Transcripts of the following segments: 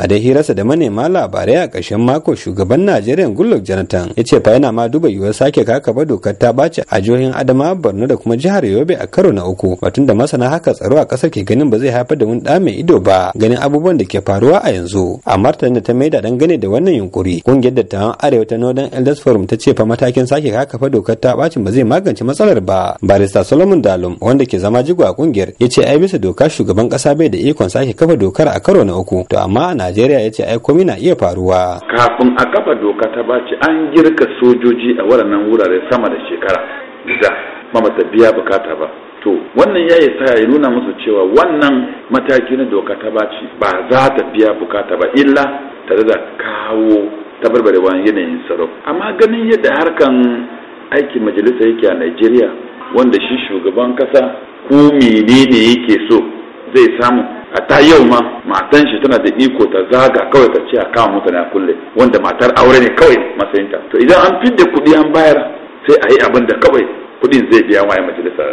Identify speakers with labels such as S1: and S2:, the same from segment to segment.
S1: a dai hirarsa da manema labarai a ƙarshen mako shugaban najeriya goodluck jonathan ya ce fa yana ma duba yiwuwar sake kakaba dokar ta ɓaci a jihohin adama borno da kuma jihar yobe a karo na uku batun da masana haka tsaro a ƙasar ke ganin ba zai haifar da wani ɗa mai ido ba ganin abubuwan da ke faruwa a yanzu a martanin da ta maida dangane da wannan yunkuri ƙungiyar dattawan arewa ta northern elders forum ta ce fa matakin sake kakaba dokar ta ɓacin ba zai magance matsalar ba barista solomon dalum wanda ke zama jigo a ƙungiyar ya ce ai bisa doka shugaban ƙasa bai da ikon sake kafa dokar a karo na uku to amma a Najeriya ya ce ai komi na iya faruwa.
S2: Kafin a kafa doka ta baci an girka sojoji a waɗannan wurare sama da shekara da mamata biya bukata ba. To wannan ya sa ya nuna musu cewa wannan mataki na doka ta baci ba za ta biya bukata ba illa tare da kawo tabarbarewan yanayin tsaro. Amma ganin yadda harkan aikin majalisa yake a Najeriya wanda shi shugaban kasa ko menene yake so zai samu a ta yau ma matan shi tana da iko ta zaga kawai ta ce a kama mutane a kulle wanda matar aure ne kawai ta to idan an fidda kuɗi an bayar sai a yi abin da kawai kuɗin zai biya waye majalisa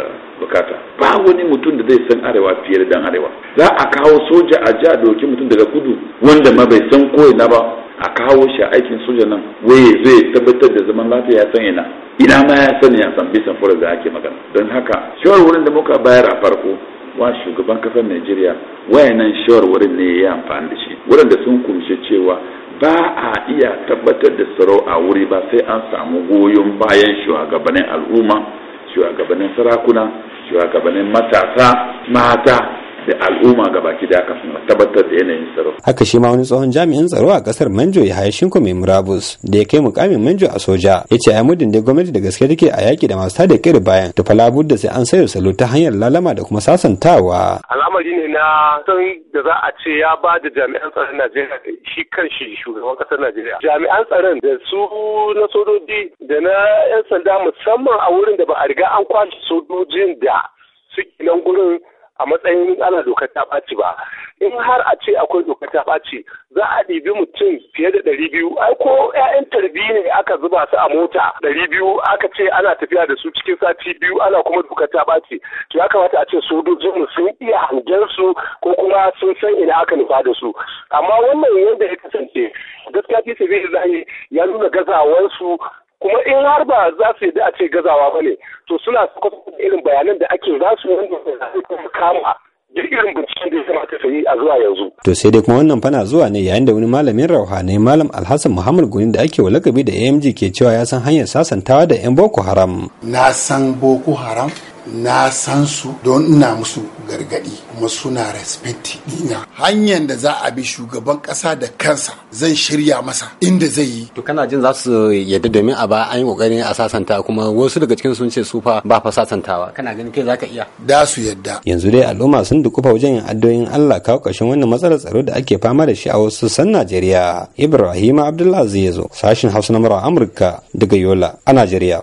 S2: bukata ba wani mutum da zai san arewa fiye da dan arewa za a kawo soja a ja doki mutum daga kudu wanda ma bai san ko ina ba a kawo shi a aikin soja nan waye zai tabbatar da zaman lafiya ya san ina ina ma ya sani ya san bisan fura da ake magana don haka shawarwarin da muka bayar a farko wa shugaban kasar Najeriya wayannan shawarwarin ne ya amfani da shi wurin da sun kumshe cewa ba a iya tabbatar da tsaro a wuri ba sai an samu goyon bayan shugabannin al'umma shugabannin sarakuna shugabannin matasa mata da al'umma gabaki da aka tabbatar da yanayin tsaro.
S1: Haka shi ma wani tsohon jami'in tsaro a kasar Manjo ya haye shinko mai murabus da ya kai mukamin Manjo a soja ya ce ai muddin da gwamnati da gaske take a yaki da masu tada kiri bayan ta falabud da sai an sayar salo ta hanyar lalama da kuma sasantawa.
S3: Al'amari ne na san da za a ce ya ba da jami'an tsaron Najeriya shi kan shi shugaban kasar Najeriya. Jami'an tsaron da su na sojoji da na 'yan sanda musamman a wurin da ba a riga an kwashe sojojin da suke nan gurin a matsayin ana dokar ta ɓaci ba in har a ce akwai dokar ta ɓaci za a ɗibi mutum fiye da ɗari biyu ai ko 'ya'yan tarbi ne aka zuba su a mota ɗari biyu aka ce ana tafiya da su cikin sati biyu ana kuma dokar ta ɓaci to ya kamata a ce sojojinmu sun iya hangen su ko kuma sun san ina aka nufa da su amma wannan yadda ya kasance gaskiya fi sabi ya nuna su kuma in har ba za su yi a ce gazawa ba ne to suna kwakwata irin bayanan da ake za su kama duk irin binciken da ya kamata su yi a zuwa yanzu.
S1: To sai dai kuma wannan fana zuwa ne yayin da wani malamin rauhanai malam Alhassan Muhammad Guni da ake wa lakabi da AMG ke cewa ya san hanyar sasantawa da 'yan Boko Haram.
S2: Na san Boko Haram na san su don ina musu gargadi kuma suna respecti dina hanyar da za a bi shugaban kasa da kansa
S1: zan shirya masa inda zai yi to kana jin za su yadda domin a ba an yi kokarin a sasanta kuma wasu daga cikin sun ce su fa ba fa sasantawa kana ganin kai zaka iya da su yadda yanzu dai al'umma sun dukufa wajen yin addoyin Allah kawo kashin wannan matsalar tsaro da ake fama da shi a wasu sassan Najeriya Ibrahim Abdullahi zo sashin Hausa na Amurka daga Yola a Najeriya